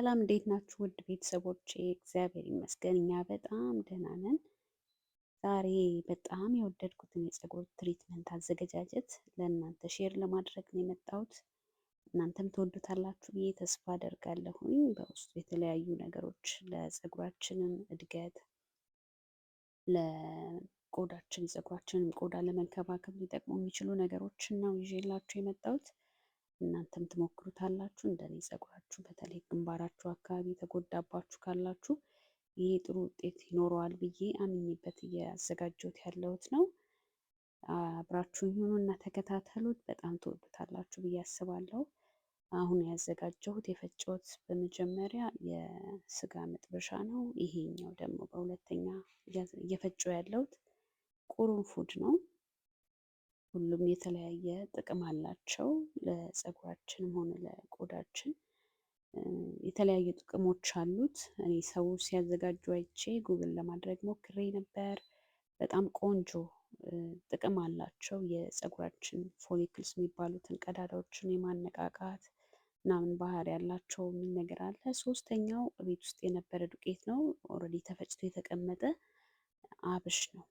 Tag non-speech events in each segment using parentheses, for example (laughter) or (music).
ሰላም እንዴት ናችሁ? ውድ ቤተሰቦቼ እግዚአብሔር ይመስገን እኛ በጣም ደህና ነን። ዛሬ በጣም የወደድኩትን የፀጉር ትሪትመንት አዘገጃጀት ለእናንተ ሼር ለማድረግ ነው የመጣሁት። እናንተም ትወዱታላችሁ ብዬ ተስፋ አደርጋለሁኝ። በውስጡ የተለያዩ ነገሮች ለፀጉራችንም እድገት ለቆዳችን ፀጉራችንም ቆዳ ለመንከባከብ ሊጠቅሙ የሚችሉ ነገሮችን ነው ይዤላችሁ የመጣሁት። እናንተም ትሞክሩታላችሁ። እንደኔ ፀጉራችሁ በተለይ ግንባራችሁ አካባቢ የተጎዳባችሁ ካላችሁ ይሄ ጥሩ ውጤት ይኖረዋል ብዬ አምኝበት እያዘጋጀሁት ያለሁት ነው። አብራችሁን ሁኑ እና ተከታተሉት። በጣም ትወዱታላችሁ ብዬ አስባለሁ። አሁን ያዘጋጀሁት የፈጨሁት በመጀመሪያ የስጋ መጥበሻ ነው። ይሄኛው ደግሞ በሁለተኛ እየፈጨው ያለሁት ቁርንፉድ ነው። ሁሉም የተለያየ ጥቅም አላቸው። ለፀጉራችንም ሆነ ለቆዳችን የተለያዩ ጥቅሞች አሉት። እኔ ሰው ሲያዘጋጁ አይቼ ጉግል ለማድረግ ሞክሬ ነበር። በጣም ቆንጆ ጥቅም አላቸው። የፀጉራችን ፎሊክልስ የሚባሉትን ቀዳዳዎችን የማነቃቃት ምናምን ባህሪ ያላቸው የሚል ነገር አለ። ሶስተኛው ቤት ውስጥ የነበረ ዱቄት ነው። ኦልሬዲ ተፈጭቶ የተቀመጠ አብሽ ነው።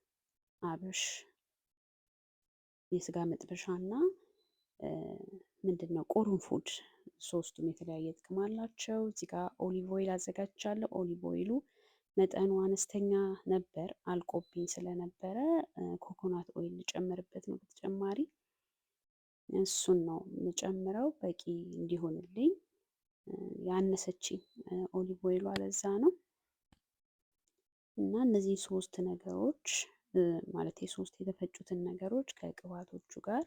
አብሽ የስጋ መጥበሻ እና ምንድን ነው ቁርንፉድ ሶስቱም የተለያየ ጥቅም አላቸው። እዚህ ጋር ኦሊቭ ኦይል አዘጋጅቻለሁ። ኦሊቭ ኦይሉ መጠኑ አነስተኛ ነበር አልቆብኝ ስለነበረ ኮኮናት ኦይል ልጨምርበት ነው። በተጨማሪ እሱን ነው የምጨምረው በቂ እንዲሆንልኝ ያነሰችኝ ኦሊቭ ኦይሉ አለዛ ነው እና እነዚህ ሶስት ነገሮች ማለት የሶስት የተፈጩትን ነገሮች ከቅባቶቹ ጋር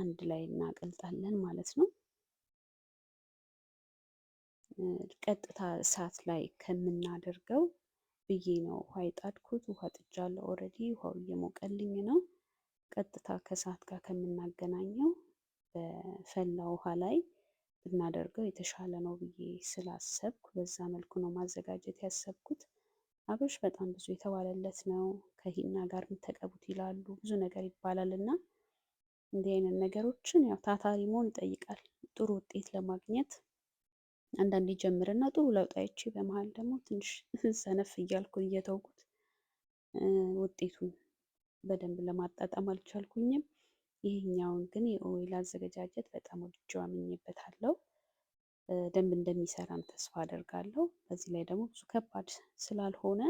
አንድ ላይ እናቀልጣለን ማለት ነው። ቀጥታ እሳት ላይ ከምናደርገው ብዬ ነው ውሃ የጣድኩት። ውሃ ጥጃለሁ ኦልሬዲ፣ ውሃው እየሞቀልኝ ነው። ቀጥታ ከእሳት ጋር ከምናገናኘው በፈላ ውሃ ላይ ብናደርገው የተሻለ ነው ብዬ ስላሰብኩ በዛ መልኩ ነው ማዘጋጀት ያሰብኩት። አብርሽ በጣም ብዙ የተባለለት ነው። ከሂና ጋር የምትቀቡት ይላሉ ብዙ ነገር ይባላል እና እንዲህ አይነት ነገሮችን ያው ታታሪ መሆን ይጠይቃል። ጥሩ ውጤት ለማግኘት አንዳንዴ ጀምርና ጥሩ ለውጥ አይቼ በመሀል ደግሞ ትንሽ (laughs) ሰነፍ እያልኩ እየተውኩት ውጤቱን በደንብ ለማጣጣም አልቻልኩኝም። ይህኛውን ግን የኦይል አዘገጃጀት በጣም ወድጄው አምኜበታለሁ። ደንብ እንደሚሰራም ተስፋ አደርጋለሁ። በዚህ ላይ ደግሞ ብዙ ከባድ ስላልሆነ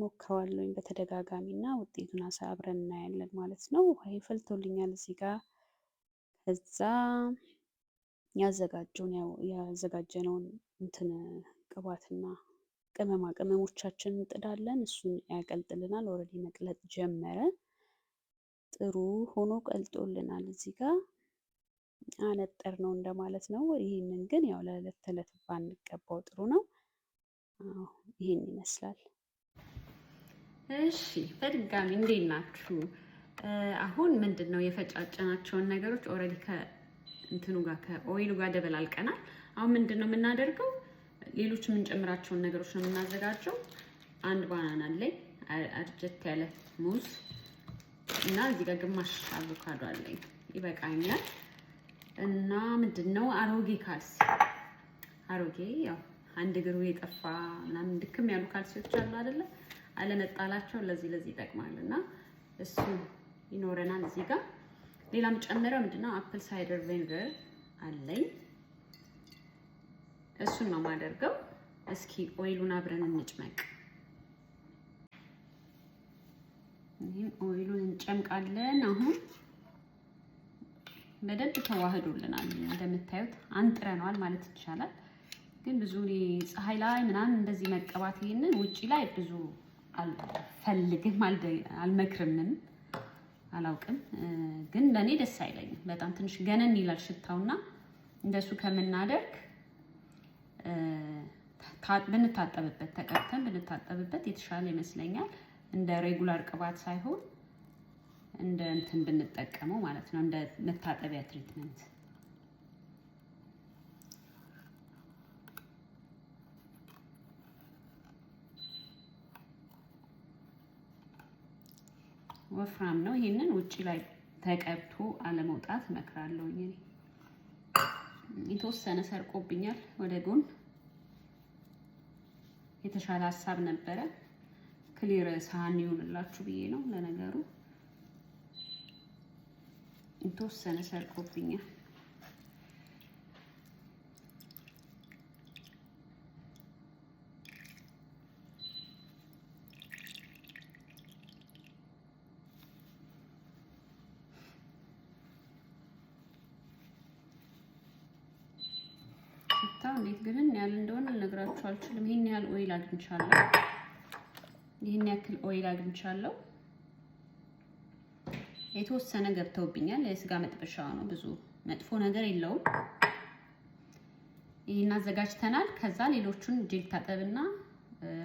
ሞክረዋለሁኝ በተደጋጋሚ እና ውጤቱን አብረን እናያለን ማለት ነው። ውሃዬ ፈልቶልኛል እዚህ ጋር ከዛ ያዘጋጀውን ያዘጋጀነውን እንትን ቅባትና ቅመማ ቅመሞቻችን እንጥዳለን። እሱን ያቀልጥልናል። ኦልሬዲ መቅለጥ ጀመረ። ጥሩ ሆኖ ቀልጦልናል እዚህ ጋር አነጠር ነው እንደማለት ነው። ይህንን ግን ያው ለዕለት ተዕለት ባንቀባው ጥሩ ነው። ይህን ይመስላል። እሺ በድጋሚ እንዴት ናችሁ? አሁን ምንድን ነው የፈጫጨናቸውን ነገሮች ኦልሬዲ ከእንትኑ ጋር ከኦይሉ ጋር ደበላልቀናል። አሁን ምንድን ነው የምናደርገው? ሌሎች የምንጨምራቸውን ነገሮች ነው የምናዘጋጀው። አንድ ባናና አለኝ፣ አርጀት ያለ ሙዝ እና እዚህ ጋር ግማሽ አቮካዶ አለኝ። ይበቃኛል። እና ምንድን ነው አሮጌ ካልሲ አሮጌ ያው አንድ እግሩ የጠፋ ምናምን ድክም ያሉ ካልሲዎች አሉ አይደለ? አለመጣላቸው ለዚህ ለዚህ ይጠቅማል እና እሱ ይኖረናል። እዚህ ጋር ሌላም ጨምረው ምንድን ነው አፕል ሳይደር ቬንገር አለኝ። እሱን ነው የማደርገው። እስኪ ኦይሉን አብረን እንጭመቅ። ይህም ኦይሉን እንጨምቃለን አሁን በደንብ ተዋህዶልናል። እንደምታዩት አንጥረነዋል ማለት ይቻላል። ግን ብዙ ፀሐይ ላይ ምናምን እንደዚህ መቀባት ይሄንን ውጪ ላይ ብዙ አልፈልግም፣ አልመክርምም፣ አላውቅም። ግን ለእኔ ደስ አይለኝም። በጣም ትንሽ ገነን ይላል ሽታውና እንደሱ ከምናደርግ ብንታጠብበት ተቀብተን ብንታጠብበት የተሻለ ይመስለኛል። እንደ ሬጉላር ቅባት ሳይሆን እንደ እንትን ብንጠቀመው ማለት ነው፣ እንደ መታጠቢያ ትሪትመንት። ወፍራም ነው። ይህንን ውጭ ላይ ተቀብቶ አለመውጣት እመክራለሁ። እኔ የተወሰነ ሰርቆብኛል ወደ ጎን። የተሻለ ሀሳብ ነበረ። ክሊር ሳህን ይሆንላችሁ ብዬ ነው ለነገሩ የተወሰነ ሰርቆብኛል። ሽታው እንዴት ግንን ያህል እንደሆነ ልነግራችሁ አልችልም። ይህን ያህል ኦይል አግኝቻለሁ። ይህን ያክል ኦይል አግኝቻለሁ። የተወሰነ ገብተውብኛል። የስጋ መጥበሻ ነው፣ ብዙ መጥፎ ነገር የለውም። ይናዘጋጅተናል ከዛ ሌሎቹን እጅግ ታጠብና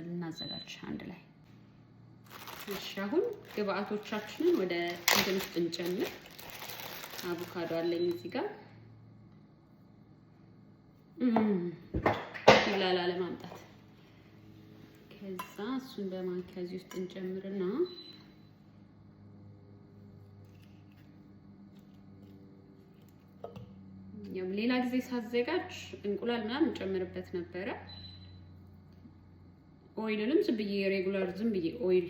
ልናዘጋጅ አንድ ላይ። እሺ አሁን ግብአቶቻችንን ወደ እንትን ውስጥ እንጨምር። አቮካዶ አለኝ እዚህ ጋር ይላላ ለማምጣት። ከዛ እሱን በማንኪያ እዚህ ውስጥ እንጨምርና ያው ሌላ ጊዜ ሳዘጋጅ እንቁላል ምናምን እንጨምርበት ነበረ። ኦይልንም ዝም ብዬ ሬጉላር ዝም ብዬ ኦይል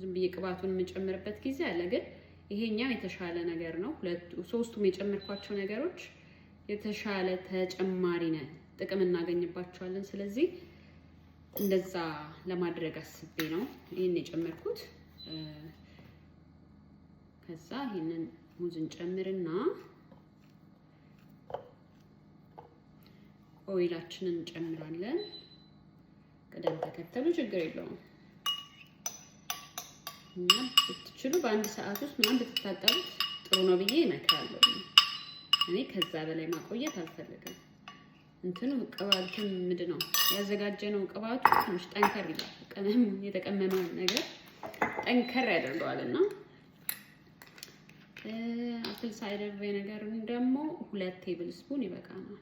ዝም ብዬ ቅባቱን የምንጨምርበት ጊዜ አለ። ግን ይሄኛው የተሻለ ነገር ነው። ሶስቱም የጨመርኳቸው ነገሮች የተሻለ ተጨማሪ ነን፣ ጥቅም እናገኝባቸዋለን። ስለዚህ እንደዛ ለማድረግ አስቤ ነው ይህን የጨመርኩት። ከዛ ይህንን ሙዝን ጨምርና ኦይላችንን እንጨምራለን። ቅደም ተከተሉ ችግር የለውም እና ብትችሉ በአንድ ሰዓት ውስጥ ምናምን ብትታጠቡት ጥሩ ነው ብዬ እመክራለሁ። እኔ ከዛ በላይ ማቆየት አልፈልግም። እንትኑ ቅባቱን ምንድን ነው ያዘጋጀነው ቅባቱ ትንሽ ጠንከር ይላል። ቀለም የተቀመመ ነገር ጠንከር ያደርገዋል እና አፕል ሳይደር ቪኔጋር ደግሞ ሁለት ቴብል ስፑን ይበቃናል።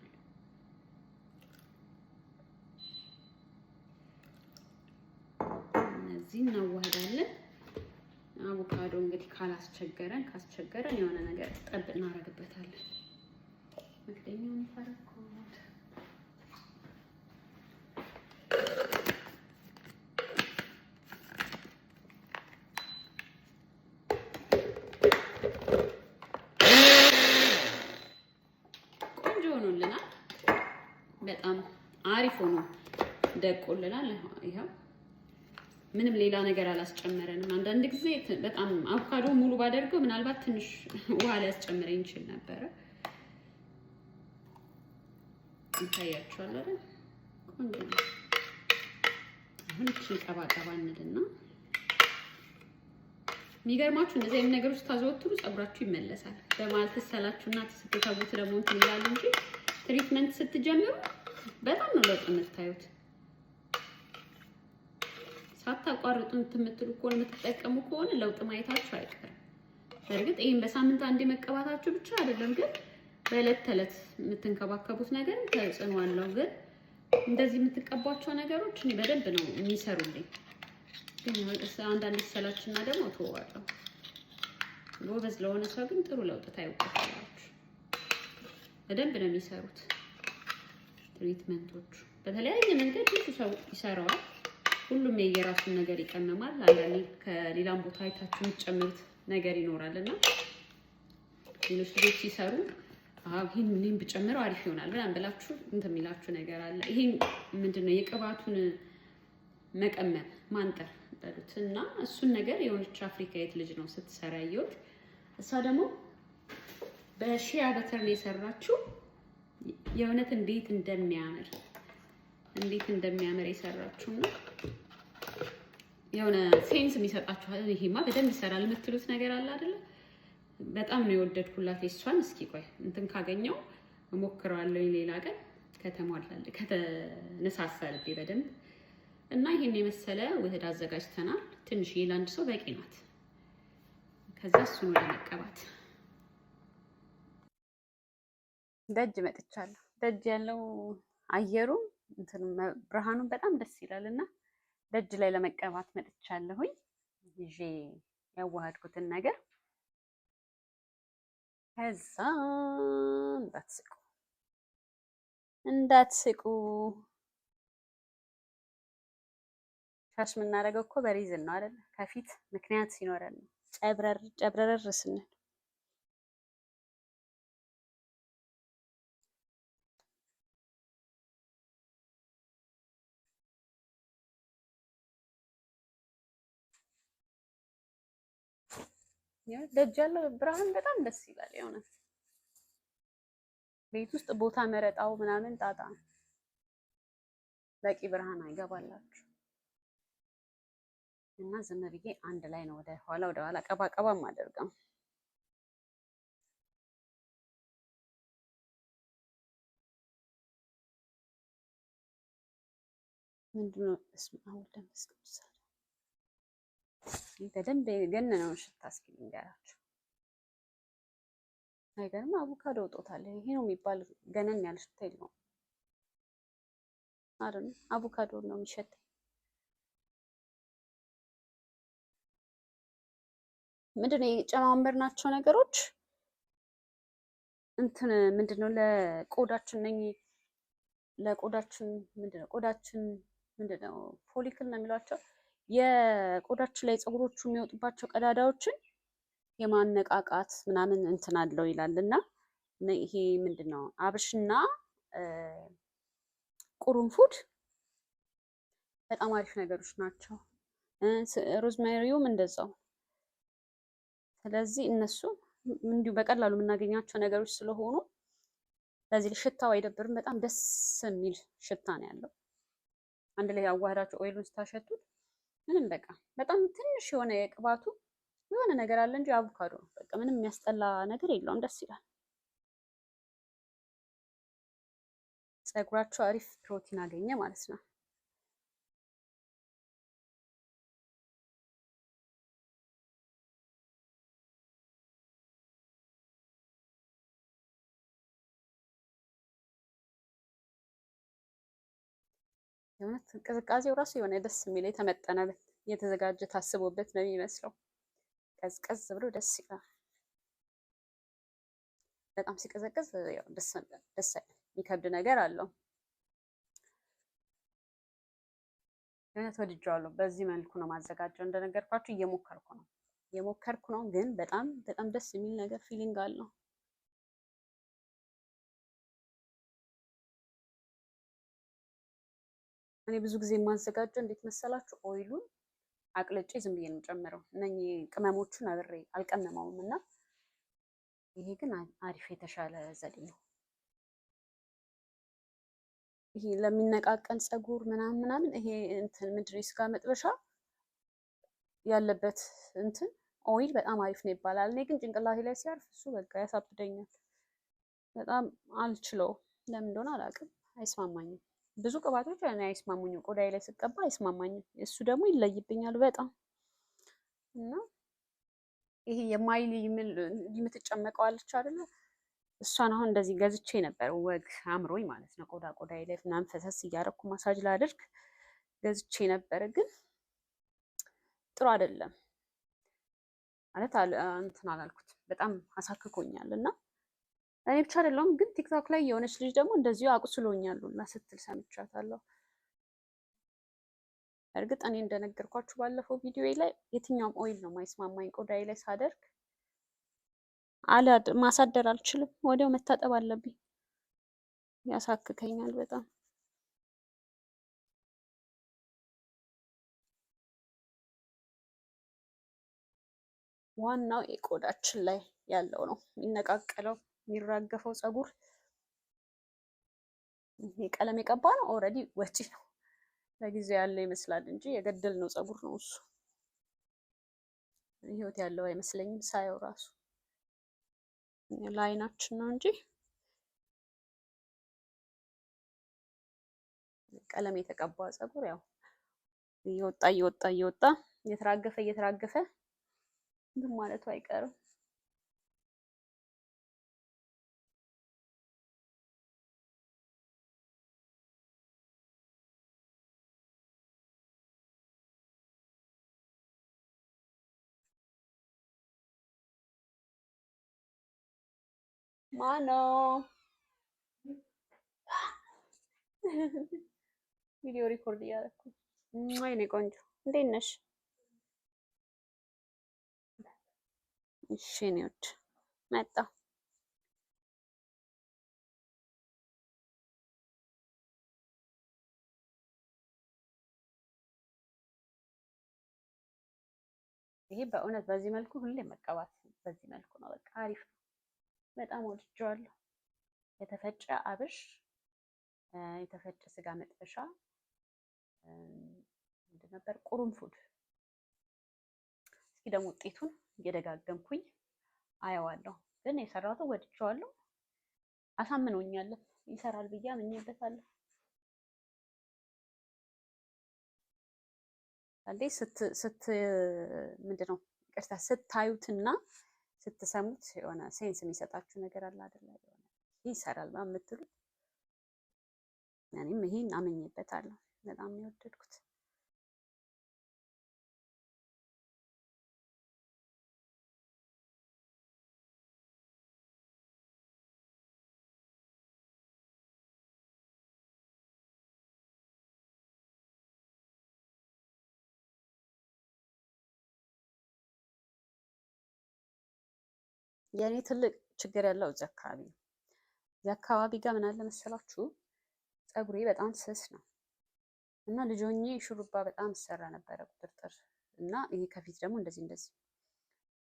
እዚህ እናዋህዳለን። አቮካዶ እንግዲህ ካላስቸገረን ካስቸገረን የሆነ ነገር ጠብ እናደርግበታለን። መክደኛውን ቆንጆ ሆኖልናል። በጣም አሪፍ ሆኖ ደቆልናል። ይኸው ምንም ሌላ ነገር አላስጨመረንም። አንዳንድ ጊዜ በጣም አቮካዶ ሙሉ ባደርገው ምናልባት ትንሽ ውሃ ሊያስጨምረኝ ይችል ነበረ። ይታያችኋል አይደል? ቆንጆ ነው። አሁን ቀባቀባ እንልና የሚገርማችሁ እንደዚህ አይነት ነገሮች ታዘወትሩ ጸጉራችሁ ይመለሳል። በመሀል ትሰላችሁና ስትተቡት ደግሞ እንትን ይላል እንጂ ትሪትመንት ስትጀምሩ በጣም ነው ለውጥ የምታዩት። ሳታቋርጡ የምትሉ ከሆነ የምትጠቀሙ ከሆነ ለውጥ ማየታችሁ አይቀርም። በእርግጥ ይህም በሳምንት አንዴ መቀባታችሁ ብቻ አይደለም፣ ግን በእለት ተዕለት የምትንከባከቡት ነገር ተጽዕኖ አለው። ግን እንደዚህ የምትቀቧቸው ነገሮች እኔ በደንብ ነው የሚሰሩልኝ። አንዳንድ ሰላችና ደግሞ ተዋጣው ጎበዝ ለሆነ ሰው ግን ጥሩ ለውጥ ታዩበታላችሁ። በደንብ ነው የሚሰሩት ትሪትመንቶቹ በተለያየ መንገድ ብዙ ሰው ይሰራዋል። ሁሉም የየራሱን ነገር ይቀመማል። አንዳንዴ ከሌላም ቦታ አይታችሁ የምትጨምሩት ነገር ይኖራል እና ሌሎች ልጆች ሲሰሩ ይህን ምንም ብጨምረው አሪፍ ይሆናል ምናምን ብላችሁ እንትን የሚላችሁ ነገር አለ። ይሄ ምንድን ነው የቅባቱን መቀመም ማንጠር በሉት እና እሱን ነገር የሆነች አፍሪካ የት ልጅ ነው ስትሰራ ያየሁት። እሷ ደግሞ በሺያ በተር ነው የሰራችው። የእውነት እንዴት እንደሚያምር እንዴት እንደሚያምር የሰራችሁ እና የሆነ ሴንስ የሚሰጣችኋል። ይሄማ በደንብ ይሰራል የምትሉት ነገር አለ አይደለ? በጣም ነው የወደድኩላት እሷን። እስኪ ቆይ እንትን ካገኘው እሞክረዋለሁ ሌላ ቀን ከተሟላል ከተነሳሳልብኝ በደንብ እና ይሄን የመሰለ ውህድ አዘጋጅተናል። ትንሽ ለአንድ ሰው በቂ ናት። ከዛ እሱን ወደ መቀባት ደጅ መጥቻለሁ። ደጅ ያለው አየሩም ብርሃኑን በጣም ደስ ይላል እና ደጅ ላይ ለመቀባት መጥቻለሁኝ። ይዤ ያዋሃድኩትን ነገር ከዛ እንዳትስቁ እንዳትስቁ ሻሽ የምናደርገው እኮ በሪዝን ነው አይደለ? ከፊት ምክንያት ሲኖረን ጨብረር ጨብረረር ስንል ደጅ ያለው ብርሃን በጣም ደስ ይላል። የሆነ ቤት ውስጥ ቦታ መረጣው ምናምን ጣጣ ነው። በቂ ብርሃን አይገባላችሁ እና ዝም ብዬ አንድ ላይ ነው ወደ ኋላ ወደ ኋላ ቀባ ቀባ ማደርገው ምንድነው? በደንብ የገነነውን ሽታ እስኪ ልንገራችሁ። አይገርም? አቮካዶ ወጦታል። ይሄ ነው የሚባል ገነን ያለ ሽታ የለውም። አይደል? አቮካዶ ነው የሚሸት። ምንድነው የጨማምር የጨማመርናቸው ነገሮች እንትን ምንድነው ለቆዳችን ነኝ ለቆዳችን ምንድነው ቆዳችን ምንድነው ፎሊክል ነው የሚሏቸው የቆዳችን ላይ ፀጉሮቹ የሚወጡባቸው ቀዳዳዎችን የማነቃቃት ምናምን እንትን አለው ይላል እና ይሄ ምንድን ነው አብሽና ቁርንፉድ በጣም አሪፍ ነገሮች ናቸው። ሮዝሜሪውም እንደዛው። ስለዚህ እነሱ እንዲሁ በቀላሉ የምናገኛቸው ነገሮች ስለሆኑ ለዚህ ሽታው አይደብርም። በጣም ደስ የሚል ሽታ ነው ያለው። አንድ ላይ ያዋህዳቸው ኦይሉን ስታሸቱት ምንም በቃ በጣም ትንሽ የሆነ የቅባቱ የሆነ ነገር አለ እንጂ አቮካዶ ነው። በቃ ምንም የሚያስጠላ ነገር የለውም። ደስ ይላል። ፀጉራቸው አሪፍ ፕሮቲን አገኘ ማለት ነው። የእውነት ቅዝቃዜው ራሱ የሆነ ደስ የሚል የተመጠነበት የተዘጋጀ ታስቦበት ነው የሚመስለው። ቀዝቀዝ ብሎ ደስ ይላል። በጣም ሲቀዘቅዝ ደስ የሚከብድ ነገር አለው። የእውነት አለው በዚህ መልኩ ነው ማዘጋጀው። እንደነገርኳችሁ እየሞከርኩ ነው እየሞከርኩ ነው፣ ግን በጣም በጣም ደስ የሚል ነገር ፊሊንግ አለው። እኔ ብዙ ጊዜ የማዘጋጀው እንዴት መሰላችሁ? ኦይሉን አቅልጬ ዝም ብዬ ነው ጨምረው እነኚህ ቅመሞቹን አብሬ አልቀመመውም እና ይሄ ግን አሪፍ የተሻለ ዘዴ ነው። ይሄ ለሚነቃቀል ፀጉር ምናምን ምናምን ይሄ እንትን ምድሪ ስጋ መጥበሻ ያለበት እንትን ኦይል በጣም አሪፍ ነው ይባላል። እኔ ግን ጭንቅላቴ ላይ ሲያርፍ እሱ በቃ ያሳብደኛል። በጣም አልችለው ለምን እንደሆነ አላውቅም፣ አይስማማኝም። ብዙ ቅባቶች እኔ አይስማሙኝም፣ ቆዳዬ ላይ ስቀባ አይስማማኝም። እሱ ደግሞ ይለይብኛል በጣም እና ይሄ የማይል የምትጨመቀው አለች አይደለ? እሷን አሁን እንደዚህ ገዝቼ ነበር ወግ አምሮኝ ማለት ነው። ቆዳ ቆዳዬ ላይ ምናምን ፈሰስ እያደረኩ ማሳጅ ላደርግ ገዝቼ ነበር፣ ግን ጥሩ አይደለም ማለት እንትን አላልኩት፣ በጣም አሳክኮኛል እና እኔ ብቻ አይደለሁም፣ ግን ቲክቶክ ላይ የሆነች ልጅ ደግሞ እንደዚሁ አቁስሎኛሉ እና ስትል ሰምቻታለሁ። እርግጥ እኔ እንደነገርኳችሁ ባለፈው ቪዲዮ ላይ የትኛውም ኦይል ነው ማይስማማኝ ቆዳዬ ላይ ሳደርግ ማሳደር አልችልም። ወዲያው መታጠብ አለብኝ። ያሳክከኛል በጣም ዋናው የቆዳችን ላይ ያለው ነው የሚነቃቀለው። የሚራገፈው ፀጉር ይሄ ቀለም የቀባ ነው። ኦልሬዲ ወጪ ነው። ለጊዜው ያለው ይመስላል እንጂ የገደል ነው ፀጉር ነው እሱ። ህይወት ያለው አይመስለኝም ሳየው ራሱ ለአይናችን ነው እንጂ ቀለም የተቀባ ፀጉር ያው እየወጣ እየወጣ እየወጣ እየተራገፈ እየተራገፈ ማለት ማለቱ አይቀርም። ማነው? ቪዲዮ ሪኮርድ እያደረኩ ወይኔ ቆንጆ እንዴት ነሽ? እሺ ኔዎች መጣ ይሄ በእውነት በዚህ መልኩ ሁሌ መቀባት በዚህ መልኩ ነው። በቃ አሪፍ ነው። በጣም ወድጄዋለሁ። የተፈጨ አብሽ፣ የተፈጨ ስጋ መጥበሻ ምንድን ነበር? ቁርንፉድ። እስኪ ደግሞ ውጤቱን እየደጋገምኩኝ አየዋለሁ። ግን የሰራሁትን ወድጄዋለሁ፣ አሳምኖኛለሁ፣ ይሰራል ብዬ አምኜበታለሁ። አንዴ ስት ስት ምንድን ነው ስታዩትና ስትሰሙት የሆነ ሴንስ የሚሰጣችሁ ነገር አለ አይደለ? ይሰራል የምትሉት እኔም ይሄን አመኝበታለሁ። በጣም ነው የወደድኩት። የእኔ ትልቅ ችግር ያለው እዚህ አካባቢ ነው። እዚህ አካባቢ ጋር ምን አለ መሰላችሁ ፀጉሬ በጣም ስስ ነው እና ልጆኜ ሹሩባ በጣም ሰራ ነበረ ቁጥርጥር እና ይሄ ከፊት ደግሞ እንደዚህ እንደዚህ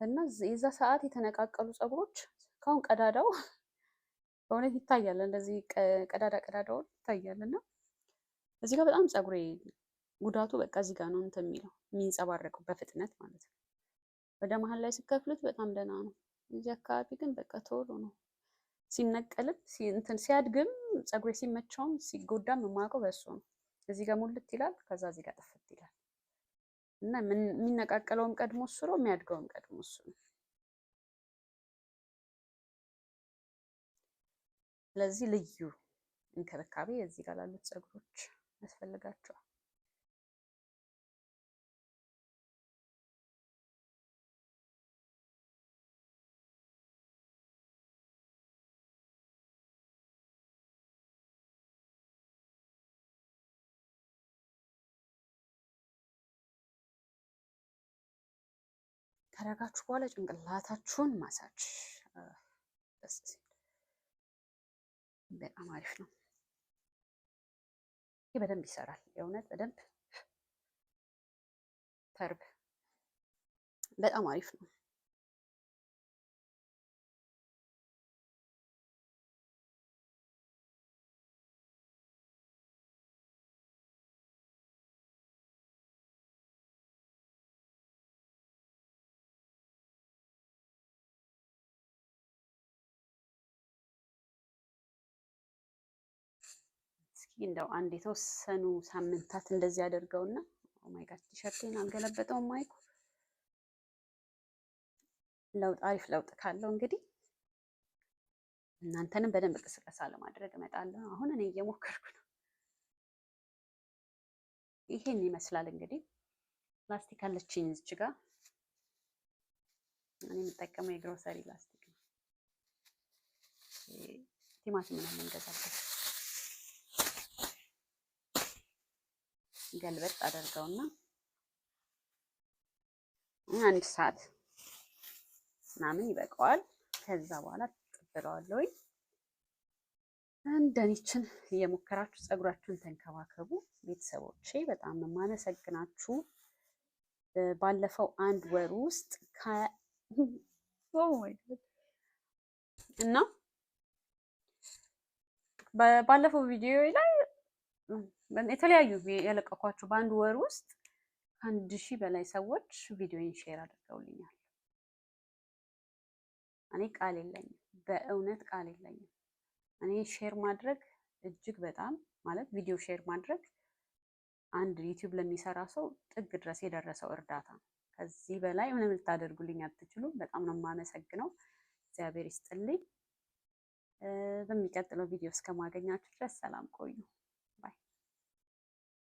እና የዛ ሰዓት የተነቃቀሉ ፀጉሮች ካሁን ቀዳዳው (laughs) በእውነት ይታያል። እንደዚህ ቀዳዳ ቀዳዳው ይታያል እና እዚህ ጋር በጣም ፀጉሬ ጉዳቱ በቃ እዚህ ጋር ነው እንትን የሚለው የሚንጸባረቀው በፍጥነት ማለት ነው። ወደ መሀል ላይ ስከፍሉት በጣም ደህና ነው። እዚህ አካባቢ ግን በቃ ቶሎ ነው ሲነቀልም እንትን ሲያድግም ፀጉሬ ሲመቸውም ሲጎዳም የማውቀው በእሱ ነው። እዚህ ጋር ሙልት ይላል፣ ከዛ እዚህ ጋር ጥፍት ይላል እና የሚነቃቀለውም ቀድሞ እሱ ነው፣ የሚያድገውም ቀድሞ እሱ ነው። ስለዚህ ልዩ እንክብካቤ እዚህ ጋር ላሉት ፀጉሮች ያስፈልጋቸዋል። ከረጋችሁ በኋላ ጭንቅላታችሁን ማሳጅ ደስ ሲል በጣም አሪፍ ነው። ይህ በደንብ ይሰራል። የእውነት በደንብ ተርብ በጣም አሪፍ ነው። እንደው አንድ የተወሰኑ ሳምንታት እንደዚህ አደርገውና ኦማይጋድ ቲሸርቴን አልገለበጠውም ማይኩ ለውጥ አሪፍ ለውጥ ካለው እንግዲህ እናንተንም በደንብ እንቅስቃሴ ለማድረግ እመጣለሁ። አሁን እኔ እየሞከርኩ ነው። ይሄን ይመስላል እንግዲህ ላስቲክ አለችኝ እዚች ጋር እኔ የምጠቀመው የግሮሰሪ ላስቲክ ነው። ቲማቲም ምናምን እንገዛበት ገልበጥ አደርገውና አንድ ሰዓት ምናምን ይበቃዋል። ከዛ በኋላ ተቀብለዋለሁኝ። እንደኔችን እየሞከራችሁ ፀጉራችሁን ተንከባከቡ ቤተሰቦቼ። በጣም ነው የማመሰግናችሁ። ባለፈው አንድ ወር ውስጥ እና ባለፈው ቪዲዮ ላይ የተለያዩ የለቀኳቸው በአንድ ወር ውስጥ ከአንድ ሺህ በላይ ሰዎች ቪዲዮን ሼር አድርገውልኛል። እኔ ቃል የለኝም፣ በእውነት ቃል የለኝም። እኔ ሼር ማድረግ እጅግ በጣም ማለት ቪዲዮ ሼር ማድረግ አንድ ዩቲዩብ ለሚሰራ ሰው ጥግ ድረስ የደረሰው እርዳታ ነው። ከዚህ በላይ ምንም ልታደርጉልኝ አትችሉም። በጣም ነው የማመሰግነው። እግዚአብሔር ይስጥልኝ። በሚቀጥለው ቪዲዮ እስከማገኛችሁ ድረስ ሰላም ቆዩ።